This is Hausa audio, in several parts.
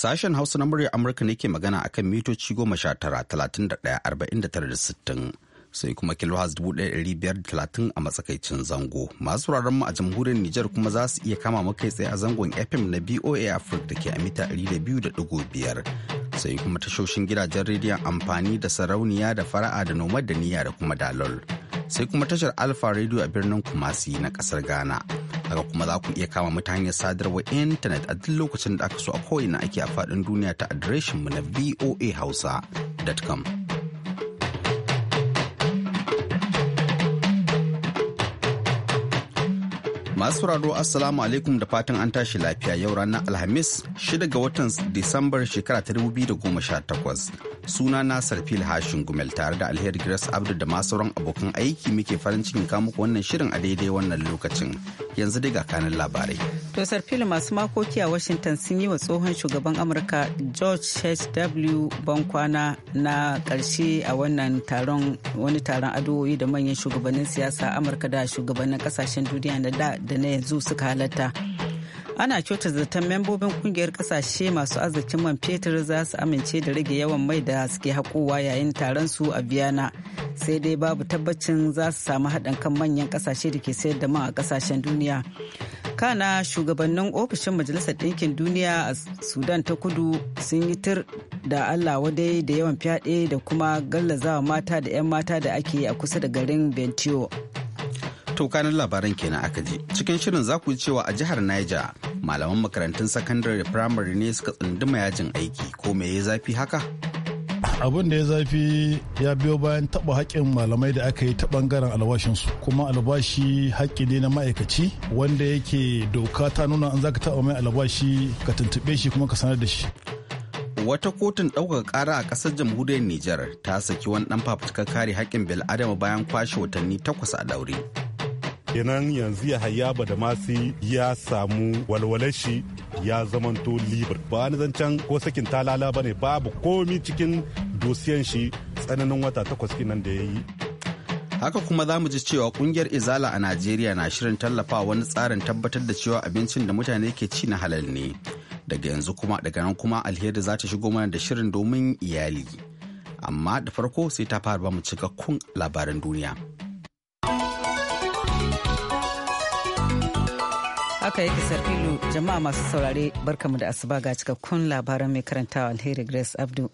Sashen Hausa na muryar Amurka ne ke magana a kan mitoci goma sha tara talatin da ɗaya da tara da sittin sai kuma kilohaz dubu ɗaya ɗari biyar da talatin a matsakaicin zango. Masu mu a jamhuriyar Nijar kuma za su iya kama kai tsaye a zangon FM na BOA Africa da ke a mita ɗari da biyu da ɗigo biyar. Sai kuma tashoshin gidajen rediyon amfani da sarauniya da fara'a da nomad da niyya da kuma dalol. sai kuma tashar Alfa Radio a birnin Kumasi na kasar Ghana. Haka kuma za ku iya kama mutane hanyar sadarwar intanet a duk lokacin da aka so a na ake a faɗin duniya ta adireshin mu na voahausa.com. Masu sauraro Assalamu alaikum da fatan an tashi lafiya yau ranar Alhamis 6 ga watan Disambar shekara ta 2018. Suna na Sarfil Hashin Gumel tare da Alheri Grace Abdu da masu sauran abokan aiki muke farin cikin kamuku wannan shirin a daidai wannan lokacin. Yanzu dai ga kanin labarai. Tosar filin masu makoki a Washington sun yi wa tsohon shugaban Amurka George H.W. Bankwana na ƙarshe a wannan taron wani taron addu'o'i da manyan shugabannin siyasa Amurka da shugabannin kasashen duniya na da da na yanzu suka halatta. Ana kyauta zaton membobin kungiyar kasashe masu arzikin man fetur za su amince da rage yawan mai da suke haƙowa yayin taron su a Biyana. sai dai babu tabbacin za su samu haɗin kan manyan ƙasashe da ke sayar da man a ƙasashen duniya. kana shugabannin ofishin majalisar ɗinkin duniya a sudan ta kudu sun yi tir da allah wadai da yawan fyaɗe da kuma gallazawa mata da 'yan mata da ake a kusa da garin bentiyo to labaran kenan aka ji cikin shirin za ku cewa a jihar niger malaman makarantun sakandare da firamare ne suka tsunduma yajin aiki ko me ya zafi haka abin da ya zafi ya biyo bayan taba haƙƙin malamai da aka yi ta bangaren albashinsu kuma albashi haƙƙi ne na ma'aikaci wanda yake doka ta nuna an zaka taba mai albashi ka tuntuɓe shi kuma ka sanar da shi wata kotun ɗaukaka ƙara a ƙasar jamhuriyar Nijar ta saki wani ɗan fafutukar kare haƙƙin bil'adama bayan kwashe watanni takwas a daure. kenan yanzu ya hayaba da masu ya samu walwalar shi ya zamanto libre ba ni zancen ko sakin talala ne babu komi cikin dosiyan shi tsananin wata takwas kinan da ya yi haka kuma za mu ji cewa kungiyar izala a najeriya na shirin tallafa wani tsarin tabbatar da cewa abincin da mutane ke ci na halal ne daga yanzu kuma daga nan kuma alheri za ta shigo mana da shirin domin iyali amma da farko sai ta fara ba mu cikakkun labaran duniya. haka yake sarfilu jama'a masu saurare barkamu da asuba ga cikakkun labaran mai karantawa alheri grace abdu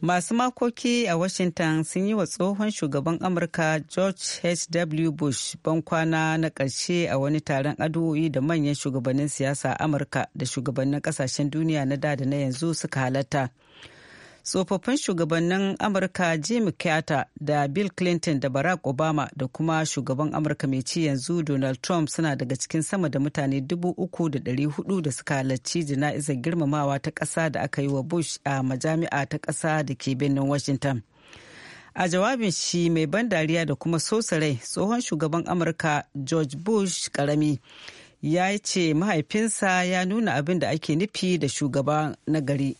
masu makoki a washington sun yi wa tsohon shugaban amurka george h.w bush bankwana na ƙarshe a wani taron addu'o'i da manyan shugabannin siyasa amurka da shugabannin kasashen duniya na da da na yanzu suka halatta tsofaffin shugabannin amurka jimmy carter da bill clinton da barack obama da kuma shugaban amurka mai ci yanzu donald trump suna daga cikin sama da mutane dubu uku da hudu da suka halarci jana'izar girmamawa ta ƙasa da aka yi wa bush a majami'a ta ƙasa da ke birnin washington a jawabin shi mai ban dariya da kuma rai tsohon shugaban amurka george bush karami ya ce mahaifinsa ya nuna abin da ake nufi da shugaba na gari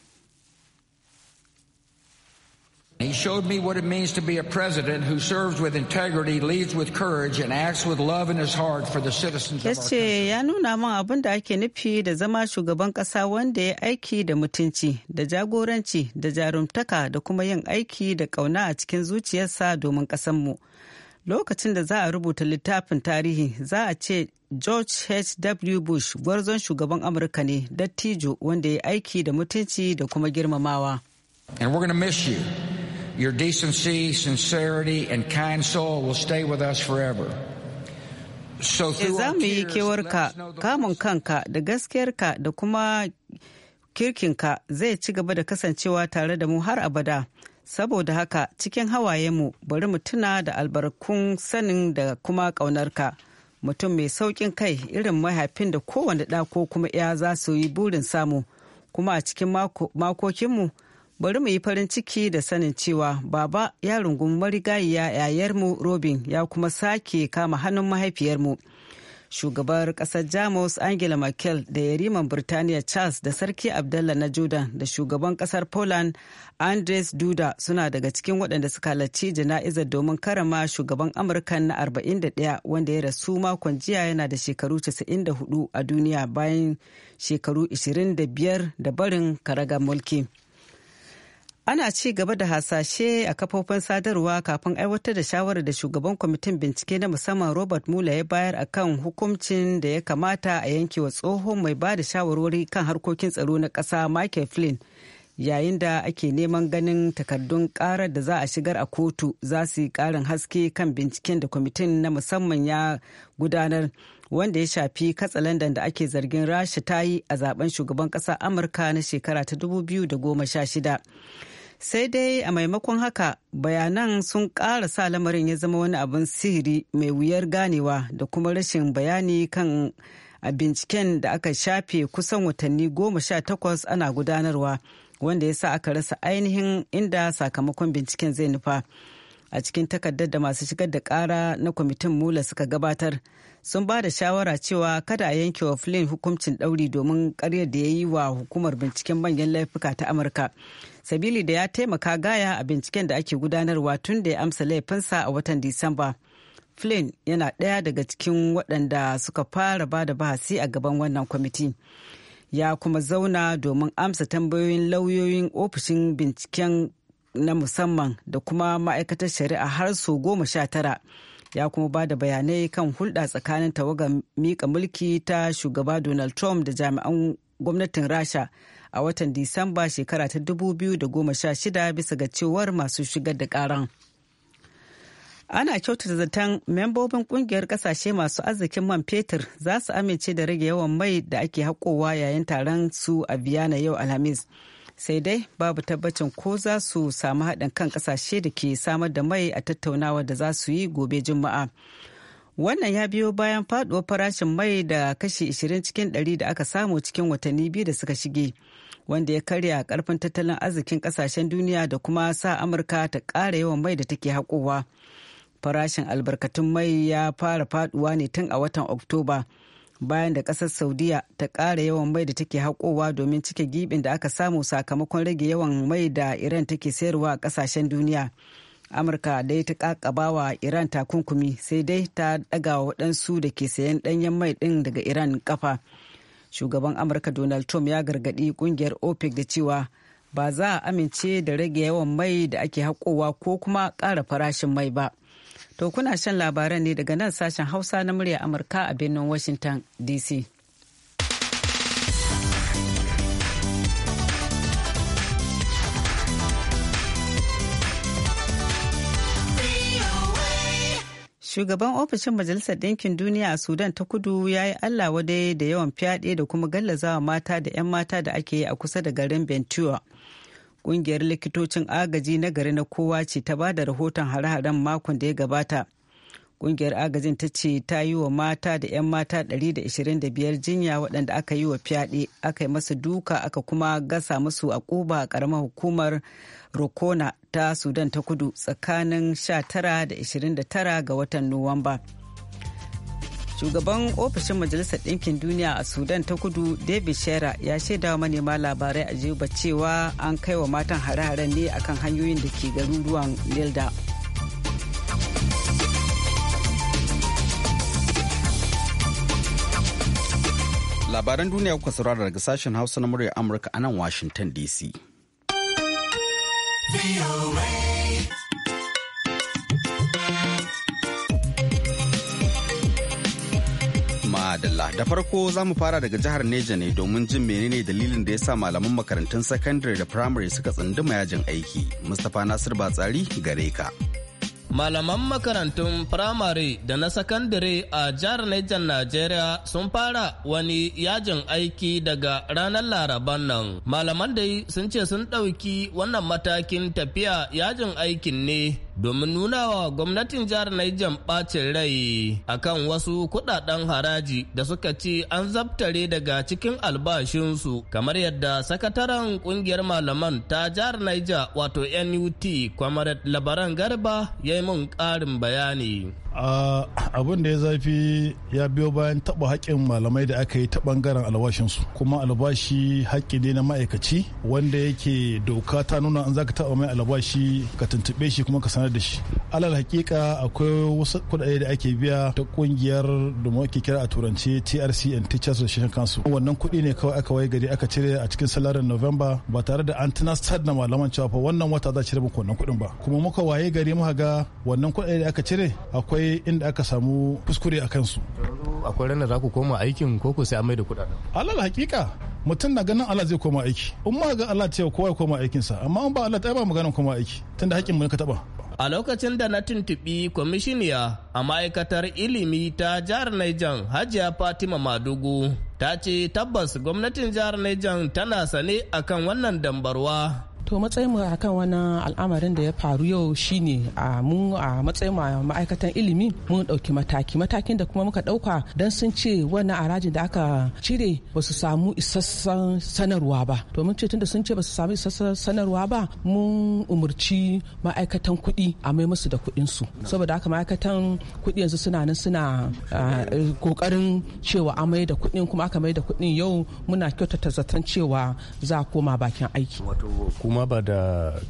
He showed me what it means to be a president who serves with integrity, leads with courage, and acts with love in his heart for the citizens of our country. ya nuna min abin da ake nufi da zama shugaban ƙasa wanda ya aiki da mutunci, da jagoranci, da jarumtaka da kuma yin aiki da ƙauna a cikin zuciyarsa domin ƙasarmu. Lokacin da za a rubuta littafin tarihi za a ce George H.W. Bush gwarzon shugaban Amurka ne dattijo wanda ya aiki da mutunci da kuma girmamawa. And we're going miss you. Your decency, sincerity, and kind soul will stay with us forever. Za mu kanka da gaskiyarka da kuma kirkinka zai ci gaba da kasancewa tare da mu har abada. Saboda haka cikin hawayenmu bari mu tuna da albarkun sanin da kuma ƙaunarka. Mutum mai sauƙin kai irin mahaifin da kowane ɗa ko kuma 'ya za su yi burin samu. Kuma a cikin makokinmu bari mu yi farin ciki da sanin cewa baba ya rungumi marigayiya yayarmu robin ya kuma sake kama hannun mahaifiyar mu shugabar kasar jamus angela merkel da yariman birtaniya charles da sarki abdullah na jordan da shugaban kasar poland andres duda suna daga cikin waɗanda suka halarci jana'izar domin karama shugaban amurka na 41 wanda ya rasu makon jiya yana da shekaru 94 a duniya bayan shekaru 25 da barin karagar mulki. ana ci gaba da hasashe a kafofin sadarwa kafin aiwatar da shawarar da shugaban kwamitin bincike na musamman robert mueller ya bayar a kan hukuncin da ya kamata a yanke wa tsohon mai ba da shawarwari kan harkokin tsaro na kasa michael flynn yayin da ake neman ganin takardun karar da za a shigar a kotu za su yi karin haske kan binciken da kwamitin na musamman ya gudanar wanda ya shafi katsalandan da ake zargin rasha ta yi a zaben shugaban kasa amurka na shekara ta 2016 sai dai a maimakon haka bayanan sun ƙara sa lamarin ya zama wani abin sihiri mai wuyar ganewa da kuma rashin bayani kan a binciken da aka shafe kusan watanni goma sha takwas ana gudanarwa wanda ya sa aka rasa ainihin inda sakamakon binciken zai nufa a cikin takardar da masu shigar da kara na kwamitin mula suka gabatar sun ba da shawara cewa kada a yanke wa flynn hukuncin ɗauri domin karyar da ya yi wa hukumar binciken manyan laifuka ta amurka sabili da ya taimaka gaya a binciken da ake gudanarwa tun da ya amsa laifinsa a watan Disamba. Flynn yana ɗaya daga cikin waɗanda suka fara ba da bahasi a gaban wannan kwamiti. Ya kuma zauna domin amsa tambayoyin lauyoyin ofishin binciken na musamman da kuma ma'aikatar shari'a har sau goma sha tara. ya kuma ba da bayanai kan hulɗa tsakanin tawagar mika mulki ta shugaba donald trump da jami'an gwamnatin rasha a watan Disamba shekara ta 2016 bisa ga cewar masu shigar da karan. Ana kyautata zaton membobin kungiyar kasashe masu arzikin man fetur za su amince da rage yawan mai da ake haƙowa yayin taron su a Biyana yau Alhamis. sai dai babu tabbacin ko za su samu haɗin kan ƙasashe da ke samar da mai a tattaunawa da za su yi gobe juma'a wannan ya biyo bayan faɗuwar farashin mai da kashi 20 cikin 100 da aka samu cikin watanni biyu da suka shige wanda ya karya karfin tattalin arzikin kasashen duniya da kuma sa amurka ta ƙara yawan mai da take haƙowa farashin albarkatun mai ya fara faduwa ne tun a watan oktoba bayan da ƙasar saudiya ta ƙara yawan mai da take haƙowa domin cike gibin da aka samu sakamakon rage yawan mai da iran take sayarwa a ƙasashen duniya amurka dai ta kakaba wa iran takunkumi sai dai ta ɗaga waɗansu da ke sayan ɗanyen mai ɗin daga iran kafa shugaban amurka donald trump ya gargadi kungiyar opec da cewa ba za a amince da rage yawan mai da ake haƙowa ko kuma ƙara farashin mai ba to kuna shan labaran ne daga nan sashen hausa na murya amurka a birnin washington dc shugaban ofishin majalisar ɗinkin duniya a sudan ta kudu ya yi allah wadai da yawan fyaɗe da kuma gallazawa mata da 'yan mata da ake yi a kusa da garin bentiwa ƙungiyar likitocin agaji na gari na kowa ce ta ba da rahoton hare-haren makon da ya gabata Ƙungiyar agajin ta ce ta yi wa mata da 'yan mata 125 jinya waɗanda aka yi wa fyaɗe aka yi masu duka aka kuma gasa musu a ƙuba a ƙaramar hukumar Rokona ta Sudan ta kudu tsakanin 19 da 29 ga watan Nuwamba. shugaban ofishin majalisar ɗinkin duniya a sudan ta kudu david shera ya shaida wa manema labarai a cewa an kai wa matan hare-haren ne akan hanyoyin da ke garuruwan nilda Labaran duniya kuka saurara daga sashen Hausa na murya Amurka a nan Washington DC. Madalla da farko za mu fara daga jihar Neja ne domin jin menene dalilin da ya sa malaman makarantun sakandare da firamare suka tsunduma yajin aiki. Mustapha Nasir Batsari gare ka. Malaman makarantun firamare da na sakandare a jihar Niger Najeriya sun fara wani yajin aiki daga ranar Laraban nan. Malaman dai sun ce sun ɗauki wannan matakin tafiya yajin aikin ne domin nuna wa gwamnatin jihar Niger ɓacin rai akan wasu kuɗaɗen haraji da suka ce an zabtare daga cikin albashinsu kamar yadda sakataren ƙungiyar malaman ta jihar Niger wato NUT Kwamarat Labaran Garba ya yi mun ƙarin bayani. abin da ya zafi ya biyo bayan taba haƙƙin malamai da aka yi ta bangaren albashinsu kuma albashi haƙƙi ne na ma'aikaci wanda yake doka ta nuna an zaka taba mai albashi ka tuntuɓe shi kuma ka sanar da shi alal hakika akwai wasu kuɗaɗe da ake biya ta ƙungiyar da muke kira a turance TRC and Teachers Association Council wannan kuɗi ne kawai aka waye gari aka cire a cikin salarin November ba tare da an tunasar da malaman cewa fa wannan wata za a cire muku wannan kuɗin ba kuma muka waye gari muka ga wannan kuɗaɗe da aka cire akwai akwai inda aka samu kuskure a kansu akwai ranar za ku koma aikin ko ku sai an mai da kudaden alal hakika mutum na ganin Allah zai koma aiki in ma ga Allah cewa kowa ya koma aikinsa amma in ba Allah ta ba maganin koma aiki tunda hakkin mu ka taba a lokacin da na tuntuɓi kwamishiniya a ma'aikatar ilimi ta jihar Niger Hajiya Fatima Madugu ta ce tabbas gwamnatin jihar Niger tana sane akan wannan dambarwa to matsayin mu akan wani al'amarin da ya faru yau shine a mu a matsayin ma'aikatan ilimi mun ɗauki mataki matakin da kuma muka ɗauka don sun ce wannan harajin da aka cire ba su samu isassan sanarwa ba to mun ce tunda sun ce ba su samu isassan sanarwa ba mun umurci ma'aikatan kuɗi a mai musu da kuɗin su saboda haka ma'aikatan kuɗi yanzu suna nan suna kokarin cewa a mai da kuɗin kuma aka mai da kuɗin yau muna kyautata zaton cewa za koma bakin aiki kuma amma ba da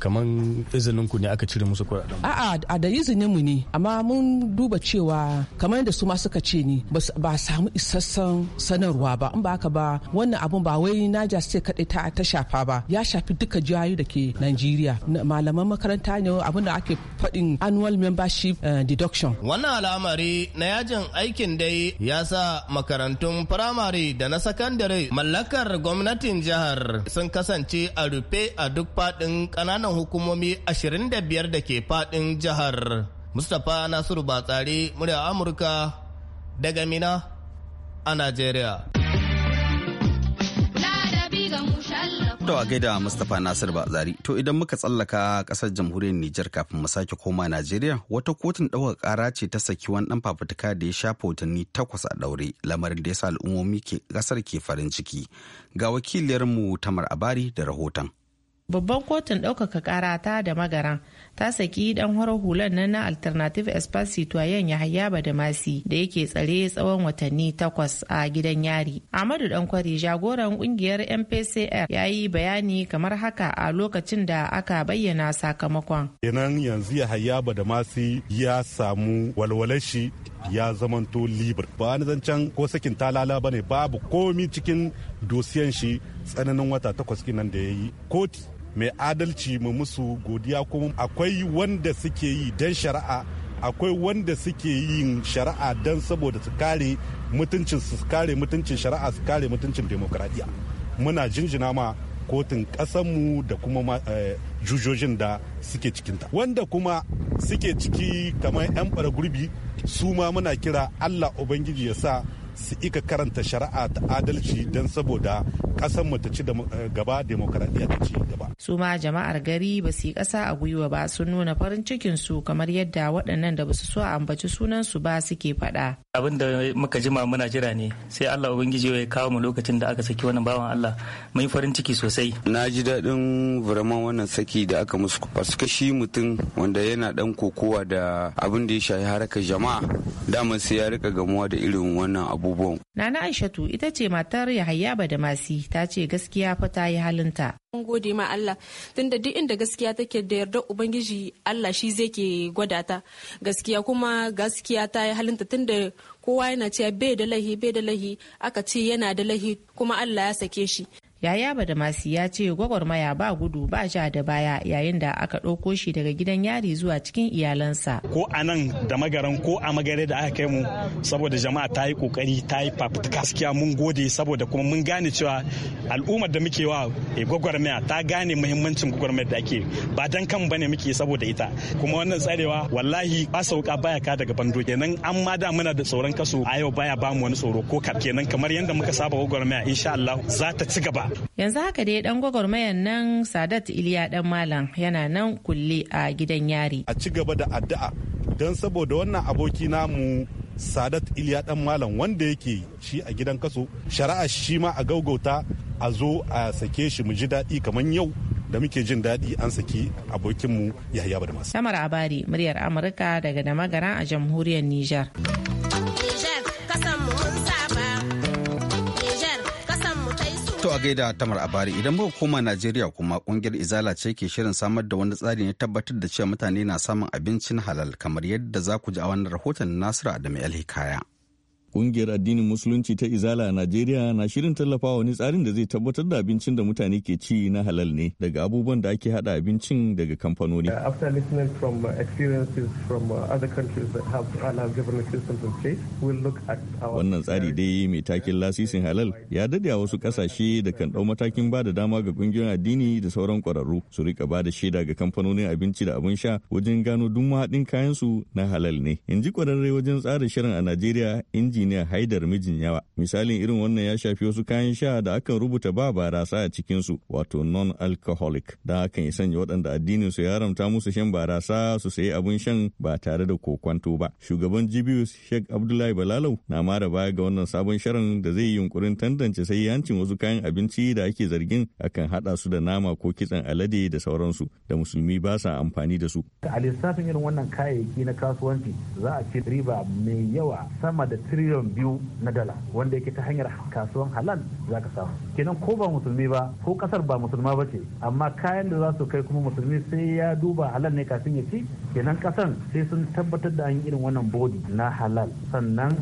kaman izinin ku ne aka cire musu kuɗaɗen a'a a da izinin mu ne amma mun duba cewa kamar da su ma suka ce ni ba samu isassan sanarwa ba in ba haka ba wannan abun ba wai naja sai kaɗai ta ta shafa ba ya shafi duka jihohi da ke Najeriya malaman makaranta ne abin da ake faɗin annual membership eh, deduction wannan al'amari na yajin aikin dai ya sa makarantun firamare da na sakandare mallakar gwamnatin jihar sun kasance a rufe a duk faɗin ƙananan hukumomi 25 da ke faɗin jihar. Mustapha Nasiru Batsari, murya Amurka daga Mina a Najeriya. To a gaida Mustapha Nasir Bazari, to idan muka tsallaka kasar jamhuriyar Nijar kafin mu sake koma Najeriya, wata kotun ɗaukar ƙara ce ta saki wani ɗan fafutuka da ya shafa watanni takwas a ɗaure, lamarin da ya sa al'ummomi ke ƙasar ke farin ciki. Ga wakiliyarmu Tamar Abari da rahoton. babban kotun ɗaukaka ƙara ta da magaran ta saki dan horar hulan nan na alternative espacito yan yahaya badamasi da masi da yake tsare tsawon watanni takwas a gidan yari amadu dankwari jagoran kungiyar mpcr ya yi bayani kamar haka a lokacin da aka bayyana sakamakon kenan yanzu yahaya badamasi ya samu shi ya zamanto libre ba ni zancen ko sakin talala bane babu komi cikin dosiyan shi tsananin wata takwas kinan da ya yi koti mai adalci mu musu godiya kuma akwai wanda suke yi don shari'a akwai wanda suke yin shari'a don saboda su kare mutuncin su kare mutuncin shari'a su kare mutuncin demokradiyya muna jinjina ma kotun ƙasanmu da kuma eh, jujojin da suke cikinta wanda kuma suke ciki kamar 'yan gurbi su ma muna kira allah ubangiji ya sa su ika karanta shari'a ta adalci don saboda ƙasar mu ta ci eh, gaba demokaradiyya ta ci gaba. su ma jama'ar gari ba su yi ƙasa a gwiwa ba sun nuna farin cikin su kamar yadda waɗannan da ba su so a ambaci sunan su ba suke faɗa. abin da muka jima muna jira ne sai Allah ubangiji ya kawo mu lokacin da aka saki wannan bawan Allah mun farin ciki sosai. na ji daɗin vraiment wannan saki da aka musu suka shi mutum wanda yana dan kokowa da abin da ya shafi harkar jama'a daman sai ya rika gamuwa da irin wannan abu abubuwan. Nana Aishatu ita ce matar Yahaya Badamasi ta ce gaskiya fa ta yi halinta. Mun gode ma Allah tunda duk inda gaskiya take da yarda Ubangiji Allah shi zai ke gwada ta gaskiya kuma gaskiya ta yi halinta tunda kowa yana cewa bai da lahi bai da lahi aka ce yana da lahi kuma Allah ya sake shi. yaya ba da badamasi ya ce gwagwarmaya ba gudu ba sha da baya yayin da aka ɗauko shi daga gidan yari zuwa cikin iyalansa ko a nan da magaran ko a magare da aka kai mu saboda jama'a ta yi kokari ta yi fafita gaskiya mun gode saboda kuma mun gane cewa al'ummar da muke wa eh, gwagwarmaya ta gane muhimmancin gwagwarmayar da ake ba dan kan bane muke saboda ita kuma wannan tsarewa wallahi ba sauka baya ka daga bando kenan an ma da muna da tsoron kaso a yau baya ba mu wani tsoro ko kenan kamar yadda muka saba gwagwarmaya insha Allah za ta ci gaba Yanzu haka dai dan gwagwarmayar nan Sadat Iliya dan Malam yana nan kulle a gidan yari. A ci gaba da addu'a don saboda wannan aboki namu Sadat Iliya dan Malam wanda yake shi a gidan kaso shari'a shi ma a gaugauta a zo a sake shi mu ji daɗi kamar yau da muke jin daɗi an saki abokinmu Yahaya Badmas. Samar Abari muryar Amurka daga Damagara a jamhuriyar Nijar. To a gaida tamar abari idan muka koma Najeriya kuma kungiyar Izala ce ke shirin samar da wani tsari na tabbatar da cewa mutane na samun abincin halal kamar yadda za ku ji a wannan rahoton Nasiru Adamu Alhikaya. Hikaya. Ƙungiyar addinin Musulunci ta Izala a Najeriya na shirin tallafawa wani tsarin da zai tabbatar da abincin da mutane ke ci na halal ne daga abubuwan da ake hada abincin daga kamfanoni. Uh, after from uh, experiences from uh, other at Wannan tsari dai mai takin lasisin halal ya dade a wasu kasashe da kan dau matakin ba da dama ga ƙungiyoyin addini da sauran kwararru su rika ba da shaida ga kamfanonin abinci da abin sha wajen gano duk mahaɗin su na halal ne. In ji kwararre wajen tsara shirin a Najeriya, ji. injiniya haidar mijin yawa misalin irin wannan ya shafi wasu kayan sha da akan rubuta ba barasa a cikinsu wato non alcoholic da hakan ya sanya waɗanda addinin su ya ramta musu shan barasa su sayi abin shan ba tare da kokwanto ba shugaban jibius sheikh abdullahi balalau na mara baya ga wannan sabon shirin da zai yi yunkurin tantance sai yancin wasu kayan abinci da ake zargin akan haɗa su da nama ko kitsen alade da sauransu da musulmi ba sa amfani da su a lissafin irin wannan kayayyaki na kasuwanci za a ci riba mai yawa sama da triliyon miliyan biyu na dala wanda yake ta hanyar kasuwan halal za ka samu kenan ko ba musulmi ba ko kasar ba musulma ba ce amma kayan da za su kai kuma musulmi sai ya duba halal ne kafin ya ci kenan kasan sai sun tabbatar da an yi irin wannan bodi na halal sannan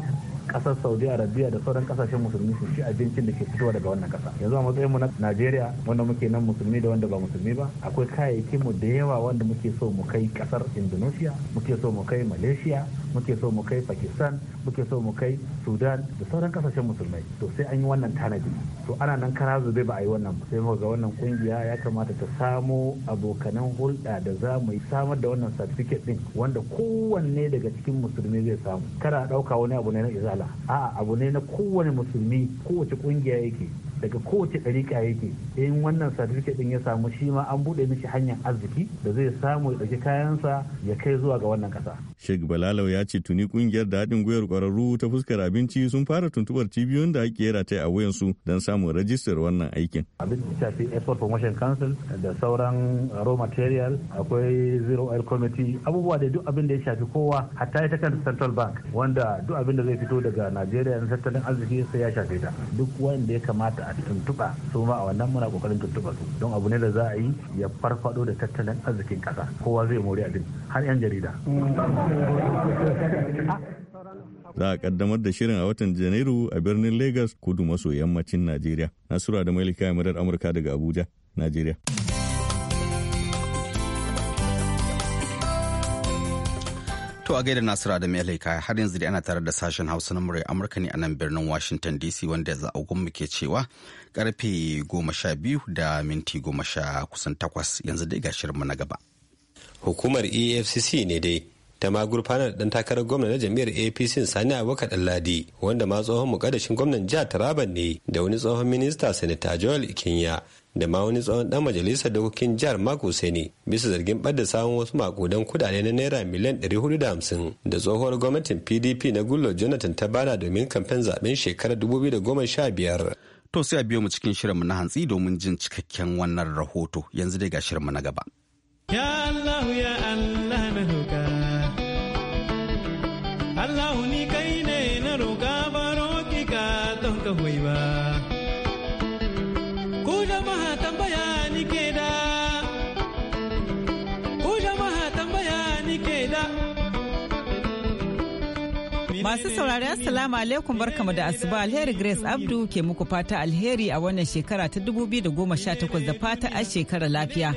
kasar saudi arabia da sauran kasashen musulmi su ci abincin da ke fitowa daga wannan kasa yanzu a matsayinmu na najeriya wanda muke nan musulmi da wanda ba musulmi ba akwai kayayyaki mu da yawa wanda muke so mu kai kasar indonesia muke so mu kai malaysia muke so mu kai pakistan muke so mu kai sudan da sauran kasashen musulmai to sai an yi wannan tanadi to ana nan kara zube ba a yi wannan ba sai ga wannan kungiya ya kamata ta samo abokanan hulɗa da za mu samar da wannan certificate din wanda kowanne daga cikin musulmi zai samu kada a ɗauka wani abu ne na izali a'a abu ne na kowane musulmi kowace kungiya yake daga kowace ɗariƙa yake in wannan certificate din ya samu shi ma an buɗe mishi hanyar arziki da zai samu ya ɗauki kayansa ya kai zuwa ga wannan ƙasa. Sheikh Balalau ya ce tuni ƙungiyar da haɗin gwiwar ƙwararru ta fuskar abinci sun fara tuntuɓar cibiyoyin da ake yara ta a wayansu don samun rajistar wannan aikin. Abin da shafi Export Promotion Council da sauran raw material akwai Zero Oil Committee abubuwa da duk abin da ya shafi kowa hatta ita kanta Central Bank wanda duk abin da zai fito daga Najeriya na tattalin arziki sai ya shafe ta duk wanda ya kamata a tuntuɓa su ma a wannan muna kokarin tuntuɓa su don abu ne da za a yi ya farfado da tattalin arzikin ƙasa kowa zai more abin har 'yan jarida. za a kaddamar da shirin a watan janairu a birnin lagos kudu maso yammacin najeriya nasura da mailika murar amurka daga abuja najeriya. To a gaida da Mai Alaika har yanzu da ana tare da sashen Hausa na murya Amurka ne a nan birnin Washington DC wanda a agunmu ke cewa karfe goma sha biyu da minti goma sha kusan takwas yanzu da ga shirinmu na gaba. Hukumar EFCC ne dai ta ma gurfanar dan takarar gwamna na jami'ar apc sani abubakar ɗanladi wanda ma tsohon mukaddashin gwamnan jihar taraban ne da wani tsohon minista sanata joel ikinya da ma wani tsawon dan majalisar dokokin jihar mako sani bisa zargin ɓadda samun wasu makudan kudade na naira miliyan hudu da hamsin. da tsohuwar gwamnatin pdp na gullo jonathan ta bana domin kamfen zaben shekarar 2015 to sai a biyo mu cikin shirinmu na hantsi domin jin cikakken wannan rahoto yanzu dai ga shirinmu na gaba ya ya allah na allah ni kai Masu saurari Assalamu alaikum barkamu da asuba alheri Grace Abdu ke muku fata alheri a wannan shekara ta 2018 da fata a shekara lafiya.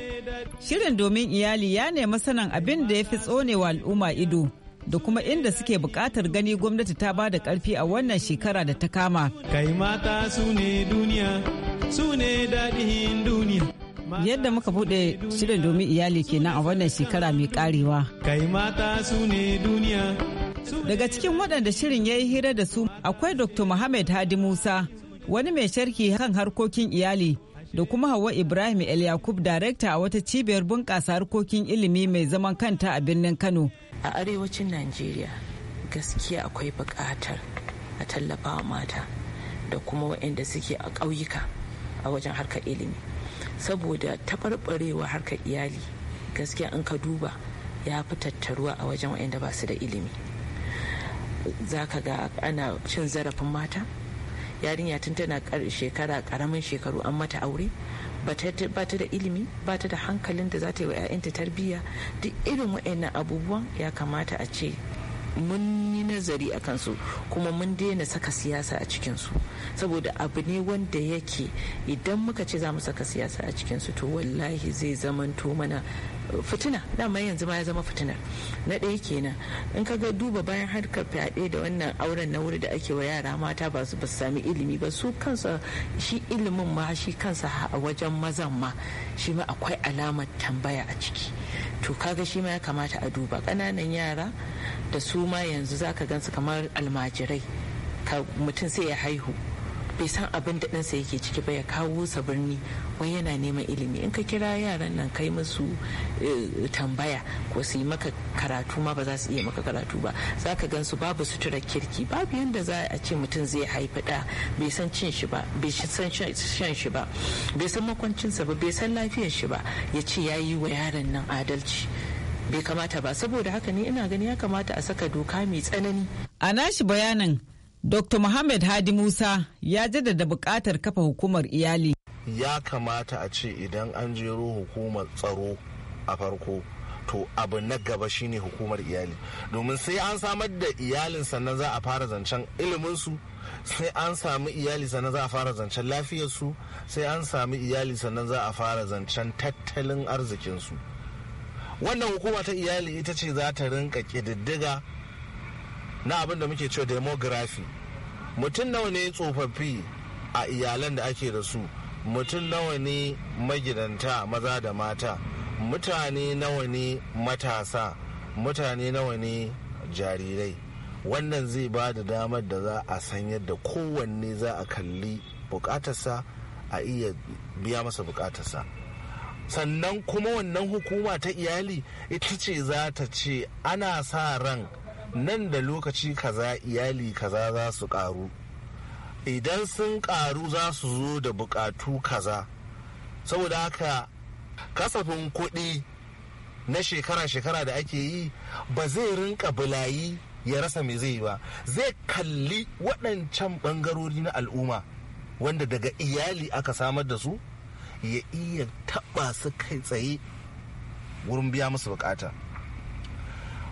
Shirin domin iyali ya nemi sanin abin da ya fi tsonewa al'umma ido da kuma inda suke bukatar gani gwamnati ta ba da ƙarfi a wannan shekara da ta kama. Kai mata su ne duniya, su ne daɗin duniya. yadda muka bude shirin domin iyali kenan a wannan shekara mai karewa. Kai mata su ne duniya, Daga cikin waɗanda shirin ya yi hira da su akwai Dr. Muhammad Hadi Musa, wani mai sharki kan harkokin iyali, da kuma Hawa Ibrahim El Yakub, darekta a wata cibiyar bunƙasa harkokin ilimi mai zaman kanta a birnin Kano. A arewacin Najeriya gaskiya akwai buƙatar a tallafawa mata da kuma waɗanda suke a ƙauyuka a wajen harkar ilimi. Saboda taɓarɓarewa harkar iyali gaskiya in ka duba ya fi tattaruwa a wajen waɗanda ba su da ilimi. za ka ga ana cin zarafin mata yarinya tun tana shekara karamin shekaru an mata aure ba ta da ilimi ba ta da hankalin da za ta yi wa 'ya'yanta tarbiyya duk irin waɗannan abubuwan ya kamata a ce mun yi nazari a kansu kuma mun daina saka siyasa a cikinsu saboda abu ne wanda yake idan muka ce za mu saka siyasa a cikinsu to wallahi zai zamanto mana uh, fitina dama yanzu ma ya zama fitina na ɗaya kenan in ka ga duba bayan harkar fyaɗe da wannan auren na wuri da ake wa yara mata ba su sami ilimi ba su kansa shi ilimin ma shi kansa a wajen mazan ma shi ma akwai alamar tambaya a ciki to kaga shi ma ya kamata a duba ƙananan yara da su ma yanzu ka gansu kamar almajirai mutum sai ya haihu bai san abin da ɗansa yake ciki ba ya kawo sa birni wai yana neman ilimi in ka kira yaran nan kai musu eh, tambaya ko su yi maka karatu ma ba za su iya maka karatu ba za ka gan su babu sutura kirki babu yadda za a ce mutum zai haifi ɗa bai san cin shi ba bai san shan shi ba bai san makwancinsa ba bai san lafiyar shi ba ya ce ya yi wa yaron nan adalci bai kamata ba saboda haka ne ina gani ya kamata a saka doka mai tsanani a nashi bayanin Dr. Muhammad Hadi Musa ya jaddada buƙatar kafa hukumar iyali. Ya kamata a ce idan an jero hukumar tsaro a farko to abu na gaba shine hukumar iyali domin sai an samar da iyalin sannan za a fara zancen iliminsu sai an sami iyali sannan za a fara zancen lafiyarsu sai an sami iyali sannan za a fara zancen tattalin arzikinsu wannan hukuma ta iyali ita ce za ta rinka ƙididdiga na abin da muke cewa demografi. mutum nawa ne tsofaffi a iyalan da ake da su mutum nawa ne magidanta maza da mata mutane nawa ne matasa mutane nawa ne jarirai wannan zai ba da damar da za a san yadda kowanne za a kalli bukatarsa a iya biya masa bukatarsa sannan kuma wannan hukuma ta iyali ita ce za ta ce ana sa ran nan da lokaci kaza iyali kaza za su karu idan sun karu za su zo da bukatu kaza saboda haka kasafin kuɗi na shekara-shekara da ake yi ba zai rinka bulayi ya rasa mai zai ba zai kalli waɗancan ɓangarori na al'umma wanda daga iyali aka samar da su ya iya taɓa su kai tsaye wurin biya musu bukata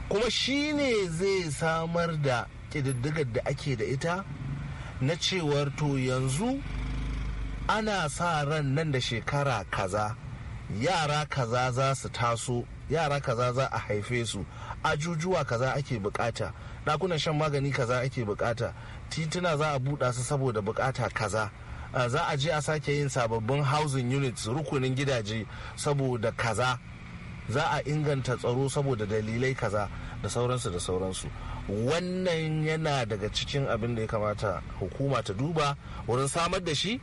kuma shi ne zai samar da ƙididdigar da ake da ita na cewar to yanzu ana sa ran nan da shekara kaza yara kaza za su taso yara kaza za a haife su ajujuwa kaza ake bukata ɗakunan shan magani kaza ake bukata tituna za a buɗa su saboda bukata kaza za a je a sake yin sababbin housing units rukunin gidaje saboda kaza za a inganta tsaro saboda dalilai kaza da sauransu da sauransu wannan yana daga cikin abin da ya kamata hukuma ta duba wurin samar da shi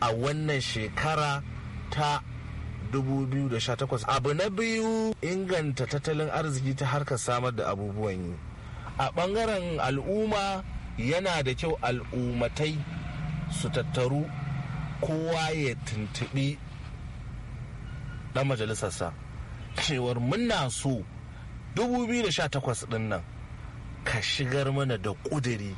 a wannan shekara ta 2018 abu na biyu inganta tattalin arziki ta harkar samar da abubuwan yi a bangaren al'umma yana da kyau al'ummatai su tattaru kowa ya tuntuɓi ɗan majalisarsa cewar muna so 2018 takwas nan ka shigar mana da ƙudiri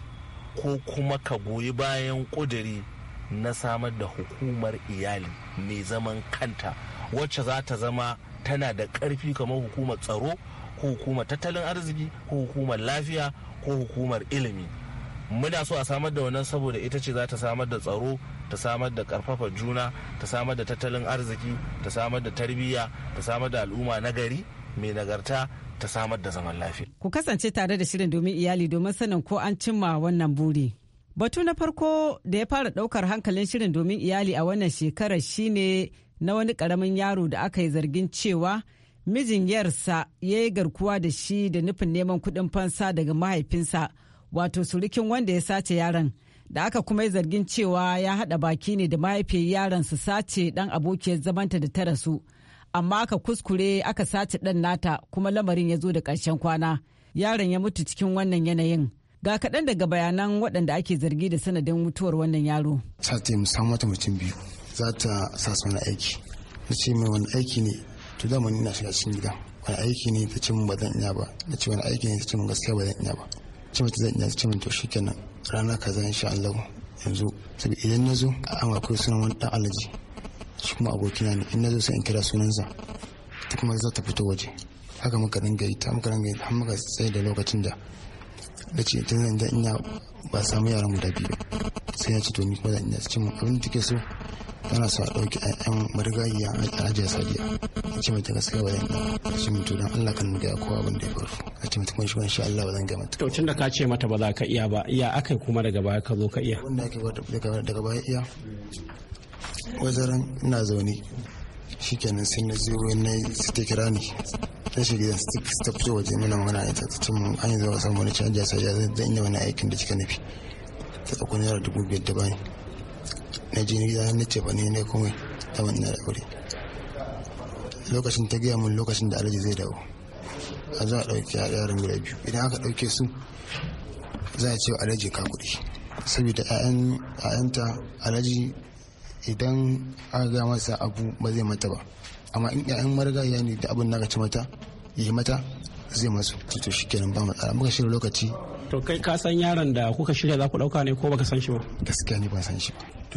ko kuma ka goyi bayan ƙudiri na samar da hukumar iyali mai zaman kanta wacce za ta zama tana da ƙarfi kamar hukumar tsaro ko hukumar tattalin arziki ko hukumar lafiya ko hukumar ilimi muna so a samar da wannan saboda ita ce za ta samar da tsaro ta samar da karfafa juna ta samar da tattalin arziki ta samar da tarbiyya ta samar da al'umma nagari mai nagarta ta samar da zaman lafiya. Ku kasance tare da shirin domin iyali domin sanin ko an cimma wannan buri. Batu na farko da ya fara daukar hankalin shirin domin iyali a wannan shekarar shine na wani karamin yaro da aka yi zargin cewa mijin yarsa ya yi garkuwa da shi da nufin neman kuɗin fansa daga mahaifinsa wato surukin wanda ya sace yaron. da aka kuma yi zargin cewa ya haɗa baki ne da mahaifiyar yaron su sace ɗan abokiyar zamanta da ta rasu amma aka kuskure aka sace ɗan nata kuma lamarin ya zo da ƙarshen kwana yaron ya mutu cikin wannan yanayin ga kaɗan daga bayanan waɗanda ake zargi da sanadin mutuwar wannan yaro. mu samu wata mutum biyu za ta sa su wani aiki na ce mai wani aiki ne to mu nuna shiga cikin gida wani aiki ne ta ce min ba zan iya ba na ce wani aiki ne ta ce min gaskiya ba zan iya ba ce mata zan iya ce min to shikenan rana kaza insha Allah yanzu sabi idan na zo an akwai sunan wani dan alaji shi kuma abokina ne in na zo sai in kira sunansa ta kuma za ta fito waje haka muka dinga yi ta muka dinga yi har muka tsaye da lokacin da da ce ta zan iya ina ba samu yaran guda biyu sai ya ce to ni kuma zan iya ce min abin da take so tana sa ɗauki ƴaƴan marigayiya a ajiyar sadiya a ce mata gaskiya ba zan a ce mata don Allah kan ga kowa abin da ya faru a ce mata kuma shi insha Allah ba zan gaya mata. Taucin da ka ce mata ba za ka iya ba iya akai kuma daga baya ka zo ka iya. Wanda ake daga baya iya wazaran ina zaune shi kenan sai na zo na sita kira ni ta shiga gidan ta fito waje nuna mana ita ta ce mun an yi zuwa samu wani canji a sadiya zan yi wani aikin da cika nufi ta tsakon yara dubu biyar da bayan na je gida na ce ba ne na komai ta wani na da aure lokacin ta gaya mun lokacin da alaji zai dawo a za a ɗauki yaran guda biyu idan aka ɗauke su za a ce wa alaji ka kuɗi saboda 'ya'yanta alaji idan aka gaya masa abu ba zai mata ba amma in 'ya'yan ya ne da abin na ci mata yi mata zai masu to shikenan ba matsala muka shirya lokaci to kai ka san yaron da kuka shirya za ku dauka ne ko baka san shi ba gaskiya ni ba san shi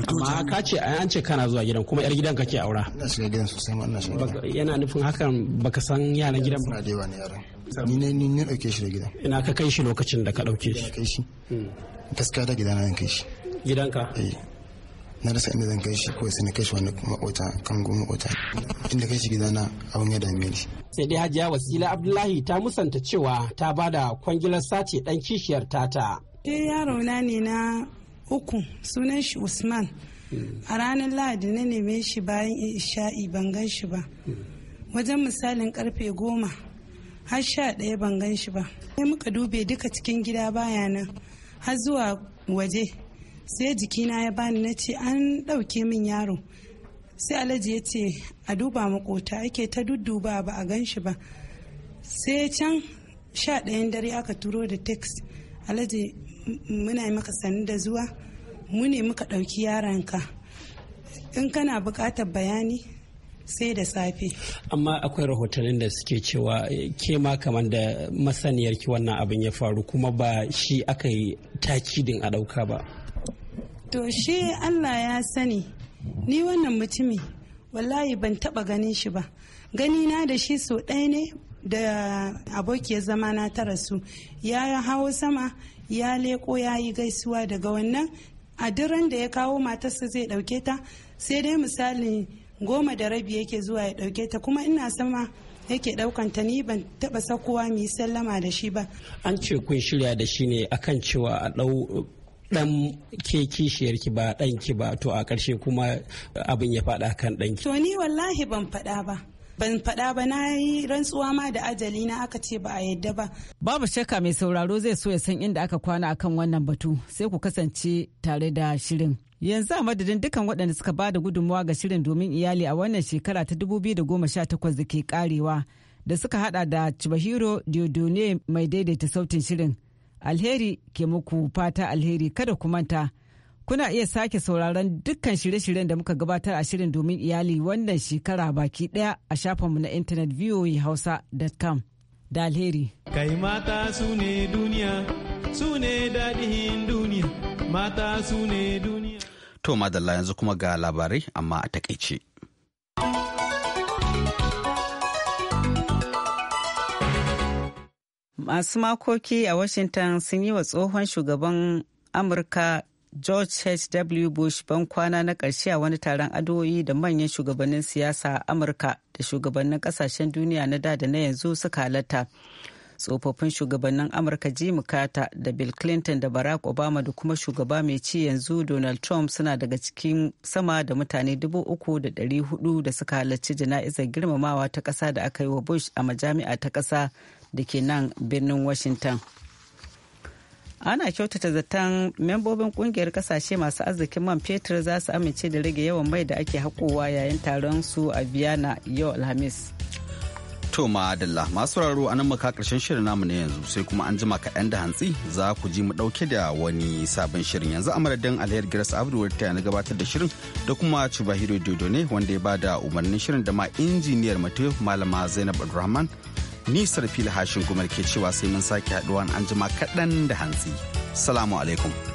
amma ka ce an ce kana zuwa gidan kuma yar gidan kake aura ina shiga gidan sosai ma ina shiga yana nufin hakan baka san yaran gidan ba dai wani yaran ni ne ni ne dauke shi da gidan ina ka kai shi lokacin da ka dauke shi kai shi hmm. gaskiya da gidana zan kai shi gidanka eh na rasa inda zan kai shi ko sai na kai shi wani makota kan goma makota inda kai shi gidana abin yadda dame ni. sai dai hajiya wasila abdullahi ta musanta cewa ta bada kwangilar sace dan kishiyar tata. eh yaro na ne na uku sunan shi usman hmm. a ranar lahadi na neme shi bayan isha'i ban gan shi ba hmm. wajen misalin karfe goma har sha ɗaya ban gan shi ba sai muka dube duka cikin gida baya nan har zuwa waje sai jikina ya bani na ce an ɗauke min yaro sai alhaji ya ce a duba makota ake ta dudduba ba a gan shi ba sai can sha ɗayan dare aka turo da teks alhaji muna maka sani da zuwa mune muka ɗauki yaranka in kana buƙatar bayani sai da safe amma akwai rahotannin da suke cewa eh, ke ma kamar da masaniyar ki wannan abin ya faru kuma ba shi aka yi takidin a ɗauka ba to shi allah ya sani ni wannan mutumi wallahi ban taba ganin shi ba gani na da shi so ɗaya ne da abokiyar zama na ta rasu ya hawo sama ya leko ya yi gaisuwa daga wannan a duran da ya kawo matarsa zai ɗauke ta sai dai misalin goma da rabi yake zuwa ya dauke ta kuma ina sama yake ɗaukan ta ni ban taba sakowa mai sallama da shi ba. An ce kun shirya da shi ne akan cewa a ɗau ɗan ke kishiyar ki ba ɗan ki ba to a karshe kuma abin ya faɗa kan ɗan ki. To ni wallahi ban faɗa ba. Ban faɗa ba na yi rantsuwa ma da ajali na aka ce ba a yadda ba. Babu shakka mai sauraro zai so ya san inda aka kwana akan wannan batu sai ku kasance tare da shirin. Yanzu a madadin dukkan waɗanda suka ba da gudunmawa ga shirin domin iyali a wannan shekara ta 2018 da ke karewa da suka hada da Chibahiro Diodone mai daidaita sautin shirin. Alheri ke muku fata alheri kada ku manta. Kuna iya sake sauraron dukkan shirye-shiryen da muka gabatar a shirin domin iyali wannan shekara baki ɗaya a shafinmu na intanet voahausa.com da alheri. Kai mata su ne duniya, su ne daɗin duniya, mata su ne duniya. To madalla yanzu kuma ga labarai amma a takaice. Masu makoki a Washington sun yi wa tsohon shugaban Amurka George H.W. Bush ban kwana na ƙarshe a wani taron adoyi da manyan shugabannin siyasa a Amurka da shugabannin ƙasashen duniya na da da na yanzu suka halatta. tsofaffin shugabannin amurka Jim carter da bill clinton da barack obama da kuma shugaba mai ci yanzu donald trump suna daga cikin sama da mutane dubu uku da dari hudu da suka halarci jana'izar girmamawa ta ƙasa da aka yi wa bush a majami'a ta ƙasa da ke nan birnin washington ana kyautata zaton membobin kungiyar kasashe masu arzikin man fetur za su amince da rage yawan mai da ake haƙowa yayin taron su a vienna yau alhamis To Adalla masu sauraro a nan maka karshen shirin namu ne yanzu sai kuma an jima kaɗan da hantsi za ku ji mu ɗauke da wani sabon shirin yanzu a madadin alheri giras Abdu ta na gabatar da shirin da kuma cibahiro Dodo ne wanda ya bada umarnin shirin da ma injiniyar Mateo Malama Zainab rahman. ni Sarfil Hashin kuma ke cewa sai mun sake haɗuwa an jima kaɗan da hantsi. Salamu alaikum.